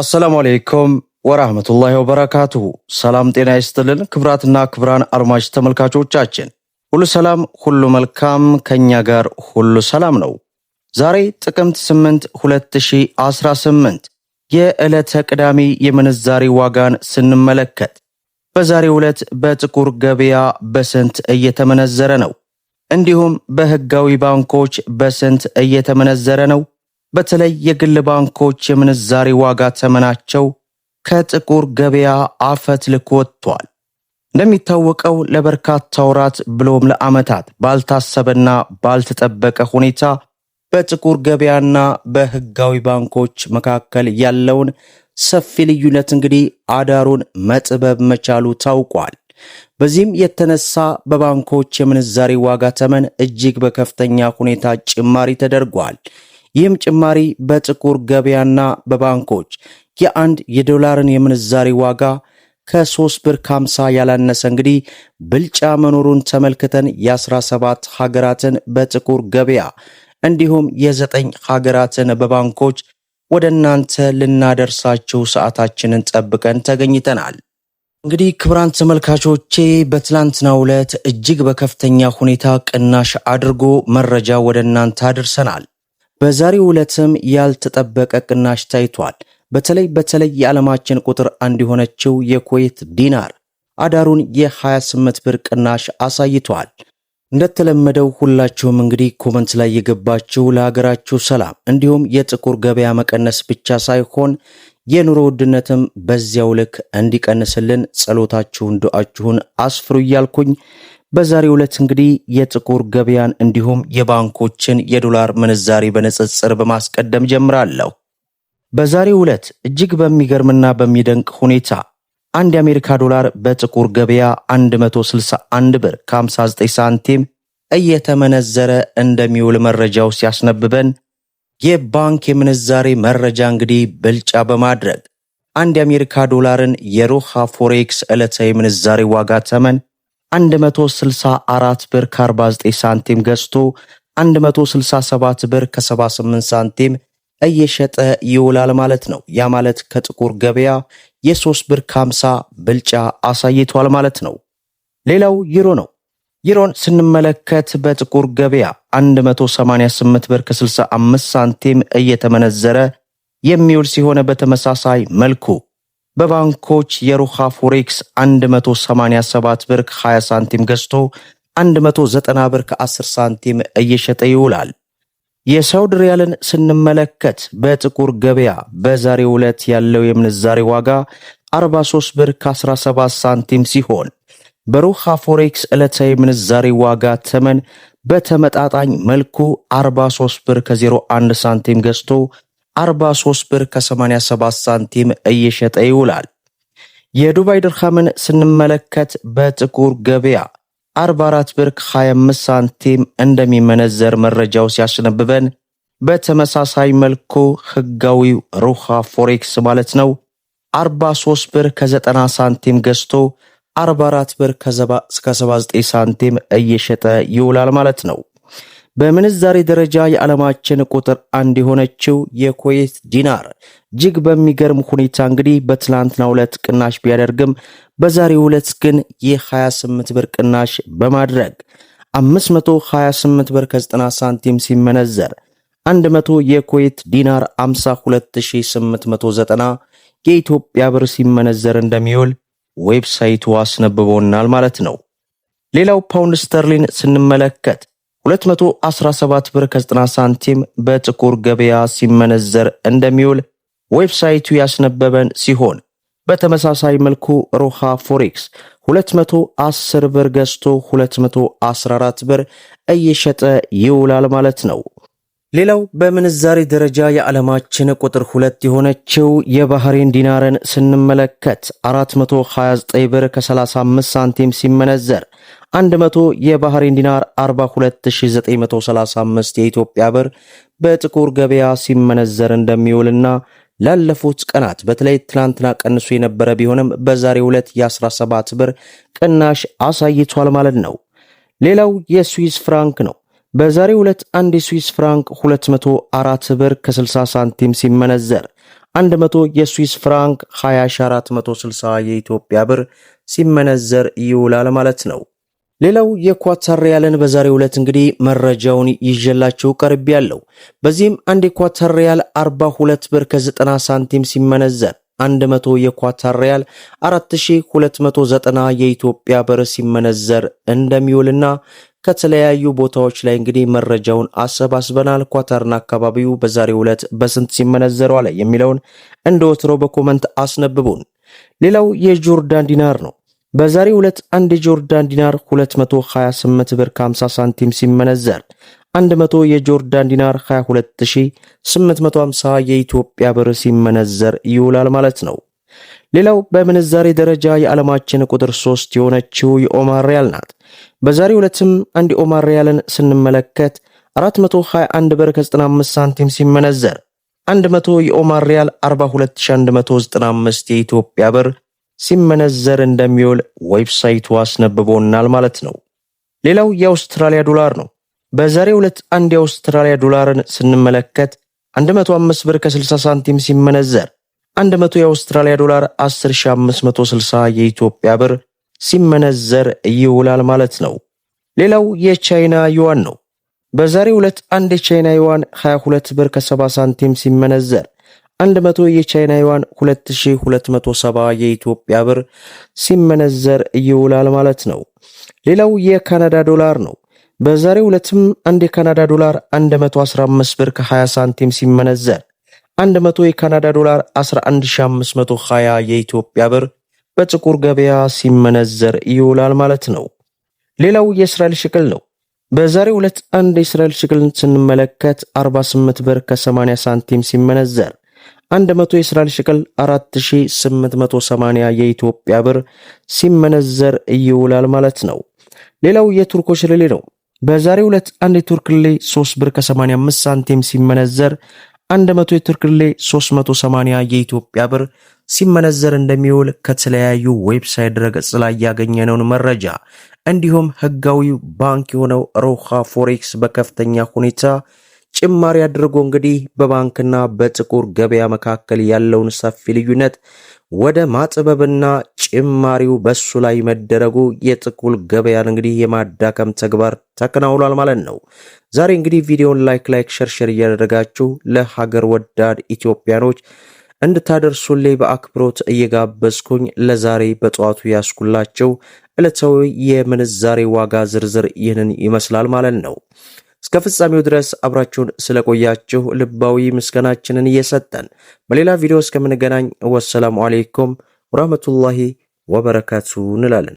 አሰላሙ አሌይኩም ወራህመቱላሂ ወበረካቱሁ። ሰላም ጤና ይስጥልን። ክብራትና ክብራን አድማጭ ተመልካቾቻችን ሁሉ ሰላም፣ ሁሉ መልካም፣ ከእኛ ጋር ሁሉ ሰላም ነው። ዛሬ ጥቅምት 8 2018 የዕለተ ቅዳሜ የምንዛሬ ዋጋን ስንመለከት በዛሬው ዕለት በጥቁር ገበያ በስንት እየተመነዘረ ነው? እንዲሁም በህጋዊ ባንኮች በስንት እየተመነዘረ ነው? በተለይ የግል ባንኮች የምንዛሬ ዋጋ ተመናቸው ከጥቁር ገበያ አፈት ልክ ወጥቷል። እንደሚታወቀው ለበርካታ ወራት ብሎም ለዓመታት ባልታሰበና ባልተጠበቀ ሁኔታ በጥቁር ገበያና በሕጋዊ ባንኮች መካከል ያለውን ሰፊ ልዩነት እንግዲህ አዳሩን መጥበብ መቻሉ ታውቋል። በዚህም የተነሳ በባንኮች የምንዛሬ ዋጋ ተመን እጅግ በከፍተኛ ሁኔታ ጭማሪ ተደርጓል። ይህም ጭማሪ በጥቁር ገበያና በባንኮች የአንድ የዶላርን የምንዛሬ ዋጋ ከ3 ብር ከ50 ያላነሰ እንግዲህ ብልጫ መኖሩን ተመልክተን የ17 ሀገራትን በጥቁር ገበያ እንዲሁም የዘጠኝ ሀገራትን በባንኮች ወደ እናንተ ልናደርሳችሁ ሰዓታችንን ጠብቀን ተገኝተናል። እንግዲህ ክቡራን ተመልካቾቼ በትላንትናው ዕለት እጅግ በከፍተኛ ሁኔታ ቅናሽ አድርጎ መረጃ ወደ እናንተ አድርሰናል። በዛሬው ዕለትም ያልተጠበቀ ቅናሽ ታይቷል። በተለይ በተለይ የዓለማችን ቁጥር አንድ የሆነችው የኩዌት ዲናር አዳሩን የ28 ብር ቅናሽ አሳይቷል። እንደተለመደው ሁላችሁም እንግዲህ ኮመንት ላይ የገባችሁ ለሀገራችሁ ሰላም እንዲሁም የጥቁር ገበያ መቀነስ ብቻ ሳይሆን የኑሮ ውድነትም በዚያው ልክ እንዲቀንስልን ጸሎታችሁን፣ ዱአችሁን አስፍሩ እያልኩኝ በዛሬው ዕለት እንግዲህ የጥቁር ገበያን እንዲሁም የባንኮችን የዶላር ምንዛሬ በንጽጽር በማስቀደም ጀምራለሁ። በዛሬው ዕለት እጅግ በሚገርምና በሚደንቅ ሁኔታ አንድ የአሜሪካ ዶላር በጥቁር ገበያ 161 ብር ከ59 ሳንቲም እየተመነዘረ እንደሚውል መረጃው ሲያስነብበን የባንክ የምንዛሬ መረጃ እንግዲህ ብልጫ በማድረግ አንድ የአሜሪካ ዶላርን የሮሃ ፎሬክስ ዕለታዊ ምንዛሬ ዋጋ ተመን 164 ብር ከ49 ሳንቲም ገዝቶ 167 ብር ከ78 ሳንቲም እየሸጠ ይውላል ማለት ነው። ያ ማለት ከጥቁር ገበያ የ3 ብር ከ50 ብልጫ አሳይቷል ማለት ነው። ሌላው ዩሮ ነው። ዩሮን ስንመለከት በጥቁር ገበያ 188 ብር ከ65 ሳንቲም እየተመነዘረ የሚውል ሲሆን በተመሳሳይ መልኩ በባንኮች የሩሃ ፎሬክስ 187 ብር ከ20 ሳንቲም ገዝቶ 190 ብር ከ10 ሳንቲም እየሸጠ ይውላል። የሳውዲ ሪያልን ስንመለከት በጥቁር ገበያ በዛሬው ዕለት ያለው የምንዛሬ ዋጋ 43 ብር ከ17 ሳንቲም ሲሆን በሩሃ ፎሬክስ ዕለታዊ የምንዛሪ ዋጋ ተመን በተመጣጣኝ መልኩ 43 ብር ከ01 ሳንቲም ገዝቶ 43 ብር ከ87 ሳንቲም እየሸጠ ይውላል። የዱባይ ድርሃምን ስንመለከት በጥቁር ገበያ 44 ብር ከ25 ሳንቲም እንደሚመነዘር መረጃው ሲያስነብበን፣ በተመሳሳይ መልኩ ህጋዊው ሩሃ ፎሬክስ ማለት ነው 43 ብር ከ90 ሳንቲም ገዝቶ 44 ብር ከ79 ሳንቲም እየሸጠ ይውላል ማለት ነው። በምንዛሬ ደረጃ የዓለማችን ቁጥር አንድ የሆነችው የኩዌት ዲናር እጅግ በሚገርም ሁኔታ እንግዲህ በትላንትናው ዕለት ቅናሽ ቢያደርግም በዛሬው ዕለት ግን የ28 ብር ቅናሽ በማድረግ 528 ብር ከ90 ሳንቲም ሲመነዘር 100 የኩዌት ዲናር 52890 የኢትዮጵያ ብር ሲመነዘር እንደሚውል ዌብሳይቱ አስነብቦናል ማለት ነው። ሌላው ፓውንድ ስተርሊን ስንመለከት 217 ብር ከ90 ሳንቲም በጥቁር ገበያ ሲመነዘር እንደሚውል ዌብሳይቱ ያስነበበን ሲሆን በተመሳሳይ መልኩ ሮሃ ፎሬክስ 210 ብር ገዝቶ 214 ብር እየሸጠ ይውላል ማለት ነው። ሌላው በምንዛሬ ደረጃ የዓለማችን ቁጥር ሁለት የሆነችው የባህሬን ዲናርን ስንመለከት 429 ብር ከ35 ሳንቲም ሲመነዘር 100 የባህሬን ዲናር 42935 የኢትዮጵያ ብር በጥቁር ገበያ ሲመነዘር እንደሚውልና ላለፉት ቀናት በተለይ ትናንትና ቀንሶ የነበረ ቢሆንም በዛሬ ሁለት የ17 ብር ቅናሽ አሳይቷል ማለት ነው። ሌላው የስዊስ ፍራንክ ነው። በዛሬ ሁለት አንድ የስዊስ ፍራንክ 204 ብር ከ60 ሳንቲም ሲመነዘር 100 የስዊስ ፍራንክ 20460 የኢትዮጵያ ብር ሲመነዘር ይውላል ማለት ነው። ሌላው የኳታር ሪያልን በዛሬ ሁለት እንግዲህ መረጃውን ይዤላችሁ ቀርቤ ያለው በዚህም አንድ የኳታር ሪያል 42 ብር ከ90 ሳንቲም ሲመነዘር 100 የኳታር ሪያል 4290 የኢትዮጵያ ብር ሲመነዘር እንደሚውልና ከተለያዩ ቦታዎች ላይ እንግዲህ መረጃውን አሰባስበናል። ኳታርና አካባቢው በዛሬው ዕለት በስንት ሲመነዘሩ አለ የሚለውን እንደ ወትሮ በኮመንት አስነብቡን። ሌላው የጆርዳን ዲናር ነው። በዛሬው ዕለት አንድ የጆርዳን ዲናር 228 ብር 50 ሳንቲም ሲመነዘር 100 የጆርዳን ዲናር 22850 የኢትዮጵያ ብር ሲመነዘር ይውላል ማለት ነው። ሌላው በምንዛሬ ደረጃ የዓለማችን ቁጥር 3 የሆነችው የኦማር ሪያል ናት። በዛሬ ዕለትም አንድ የኦማር ሪያልን ስንመለከት 421 ብር ከ95 ሳንቲም ሲመነዘር 100 የኦማር ሪያል 42195 የኢትዮጵያ ብር ሲመነዘር እንደሚውል ዌብሳይቱ አስነብቦናል ማለት ነው። ሌላው የአውስትራሊያ ዶላር ነው። በዛሬ ሁለት አንድ የአውስትራሊያ ዶላርን ስንመለከት 105 ብር ከ60 ሳንቲም ሲመነዘር 100 የአውስትራሊያ ዶላር 10560 የኢትዮጵያ ብር ሲመነዘር ይውላል ማለት ነው። ሌላው የቻይና ዩዋን ነው። በዛሬ ሁለት አንድ የቻይና ዩዋን 22 ብር ከ70 ሳንቲም ሲመነዘር 100 የቻይና ዩዋን 2270 የኢትዮጵያ ብር ሲመነዘር ይውላል ማለት ነው። ሌላው የካናዳ ዶላር ነው። በዛሬው ዕለትም አንድ የካናዳ ዶላር 115 ብር ከ20 ሳንቲም ሲመነዘር 100 የካናዳ ዶላር 11520 የኢትዮጵያ ብር በጥቁር ገበያ ሲመነዘር ይውላል ማለት ነው። ሌላው የእስራኤል ሽቅል ነው። በዛሬው ዕለት አንድ የእስራኤል ሽቅልን ስንመለከት 48 ብር ከ80 ሳንቲም ሲመነዘር 100 የእስራኤል ሽቅል 4880 የኢትዮጵያ ብር ሲመነዘር ይውላል ማለት ነው። ሌላው የቱርኮች ሊሬ ነው። በዛሬው ዕለት አንድ የቱርክ 3 ብር ከ85 ሳንቲም ሲመነዘር 100 የቱርክ ሊሬ 380 የኢትዮጵያ ብር ሲመነዘር እንደሚውል ከተለያዩ ዌብሳይት ድረገጽ ላይ ያገኘነውን መረጃ እንዲሁም ህጋዊ ባንክ የሆነው ሮሃ ፎሬክስ በከፍተኛ ሁኔታ ጭማሪ አድርጎ እንግዲህ በባንክና በጥቁር ገበያ መካከል ያለውን ሰፊ ልዩነት ወደ ማጥበብና ጭማሪው በሱ ላይ መደረጉ የጥቁር ገበያን እንግዲህ የማዳከም ተግባር ተከናውኗል ማለት ነው። ዛሬ እንግዲህ ቪዲዮን ላይክ ላይክ ሸርሸር እያደረጋችሁ ለሀገር ወዳድ ኢትዮጵያኖች እንድታደርሱልኝ በአክብሮት እየጋበዝኩኝ ለዛሬ በጠዋቱ ያስኩላቸው ዕለታዊ የምንዛሬ ዋጋ ዝርዝር ይህንን ይመስላል ማለት ነው። እስከ ፍጻሜው ድረስ አብራችሁን ስለቆያችሁ ልባዊ ምስጋናችንን እየሰጠን በሌላ ቪዲዮ እስከምንገናኝ ወሰላሙ አሌይኩም ወራህመቱላሂ ወበረካቱ እንላለን።